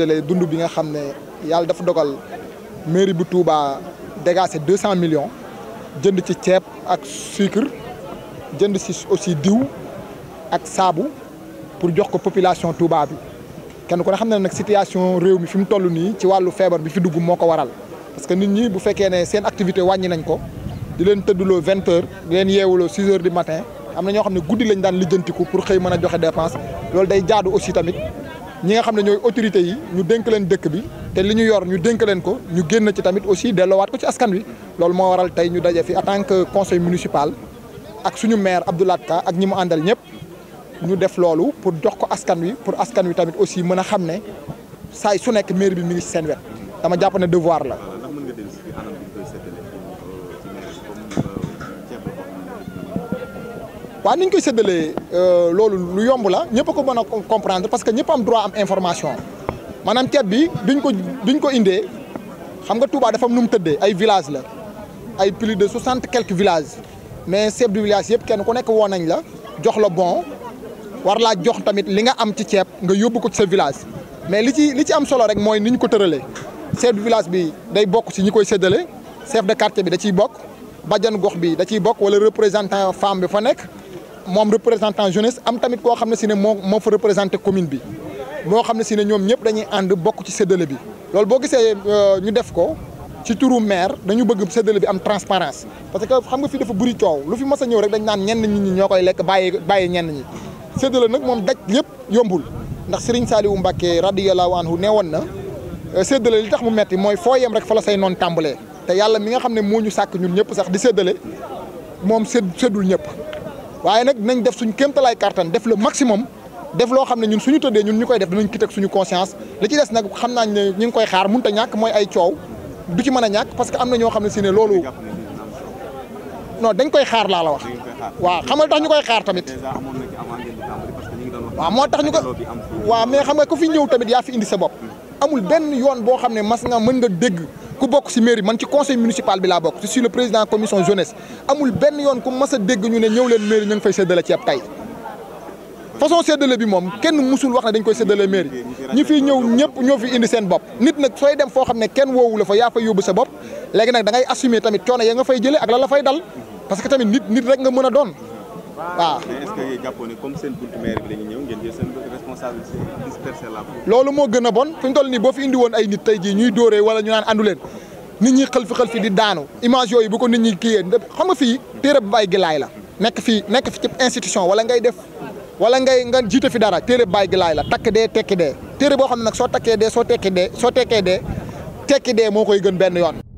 séddale dund bi nga xam ne yàlla dafa dogal mairie bu Touba dégagé deux cent millions jënd ci ceeb ak sucre jënd ci aussi diw ak saabu pour jox ko population Touba bi kenn kon ne xam ne nag situation réew mi fi mu toll nii ci wàllu feebar bi fi dugg moo ko waral parce que nit ñi bu fekkee ne seen activité wàññi nañ ko di leen tëdduloo vingt heures di leen yeewuloo six heures du matin am na ñoo xam ne guddi lañ daan lijjantiku pour xëy mën a joxe dépense loolu day jaadu aussi ñi nga xam ne ñooy autorités yi ñu dénk leen dëkk bi te li ñu yor ñu dénk leen ko ñu génn ci tamit aussi delloowaat ko ci askan wi loolu moo waral tey ñu daje fi en tant que conseil municipal ak suñu maire Abdoulaye Ka ak ñi mu àndal ñëpp ñu def loolu pour jox ko askan wi pour askan wi tamit aussi mën a xam ne saay su nekk maire bi mi ngi seen wet dama jàpp ne devoir la waa ni ñu koy séddalee euh, loolu lu yomb la ñëpp a ko mën a comprendre parce que ñëpp am droit am information maanaam ceeb bi biñ ko biñ ko indee xam nga Touba dafa am nu mu tëddee ay village la ay plus de soixante quelques villages mais chef de village yëpp kenn ku nekk woo nañ la jox la bon war laa jox tamit li nga am ci ceeb nga yóbbu ko ci sa village mais li ci li ci am solo rek mooy ni ñu ko tëralee chef de village bi day bokk si ñi koy séddale chef de quartier bi da ciy bokk bajjan gox bi da bokk wala représentant femme bi fa nekk moom représentant jeunesse am tamit koo xam ne si ne moo moo fa représenté commune bi moo xam ne si ne ñoom ñëpp dañuy ànd bokk ci séddale bi loolu boo gisee euh, ñu def ko ci u maire dañu bëgg séddale bi am transparence parce que xam nga fii dafa bëri coow lu fi mas a ñëw rek dañ naan ñenn nit ñi ñoo koy lekk bàyyi bàyyi ñenn ñi séddale nag moom daj lépp yombul ndax Serigne Saliou Mbacké waan anhu nee woon na euh, séddale li tax mu metti mooy foo yem rek fa say noon tàmbalee te yàlla mi nga xam ne moo ñu sàkk ñun ñëpp sax di séddale moom séddul ñëpp waaye nag nañ def suñ kéemtalaay kàttan def le maximum def loo xam ne ñun suñu tëddee ñun ñu koy def dinañ kit ak suñu conscience li ci des nag xam naa ne ñu ngi koy xaar mun a ñàkk mooy ay coow du ci mën a ñàkk parce que am na ñoo xam ne si ne loolu non dañ koy xaar laa la wax waa xam nga tax ñu koy xaar tamit waaw moo tax ñu ko waaw mais xam nga ko fi ñëw tamit yaa fi indi sa bopp amul benn yoon boo xam ne mas nga mën nga dégg ku bokk ci mairie man ci conseil municipal bi laa bokk je suis le président commission jeunesse amul benn yoon ku mas a dégg ñu ne ñëw leen mairie ñu ngi fay séddale ceeb tey façon séddale bi moom kenn musul wax ne dañ koy séddale mairie ñi fiy ñëw ñëpp ñoo fi indi seen bopp nit nag sooy dem foo xam ne kenn woowu la fa yaa fay yóbbu sa bopp léegi nag da ngay assumer tamit coono ya nga fay jëlee ak la la fay dal parce que tamit nit nit rek nga mën a doon waaw mais est la ñu ñëw ngeen jël loolu moo gën a bon fi ñu toll nii boo fi indi woon ay nit tey jii ñuy dóoree wala ñu naan andu leen nit ñi xël fi xël fi di daanu image yooyu bu ko nit ñi kiyee xam nga fii téere bu bàyyi laay la nekk fii nekk fi ci institution wala ngay def wala ngay nga jiite fi dara téere bu bàyyi laay la takk dee tekki dee téere boo xam ne nag soo takkee dee soo tekki dee soo tekkee dee tekki dee moo koy gën benn yoon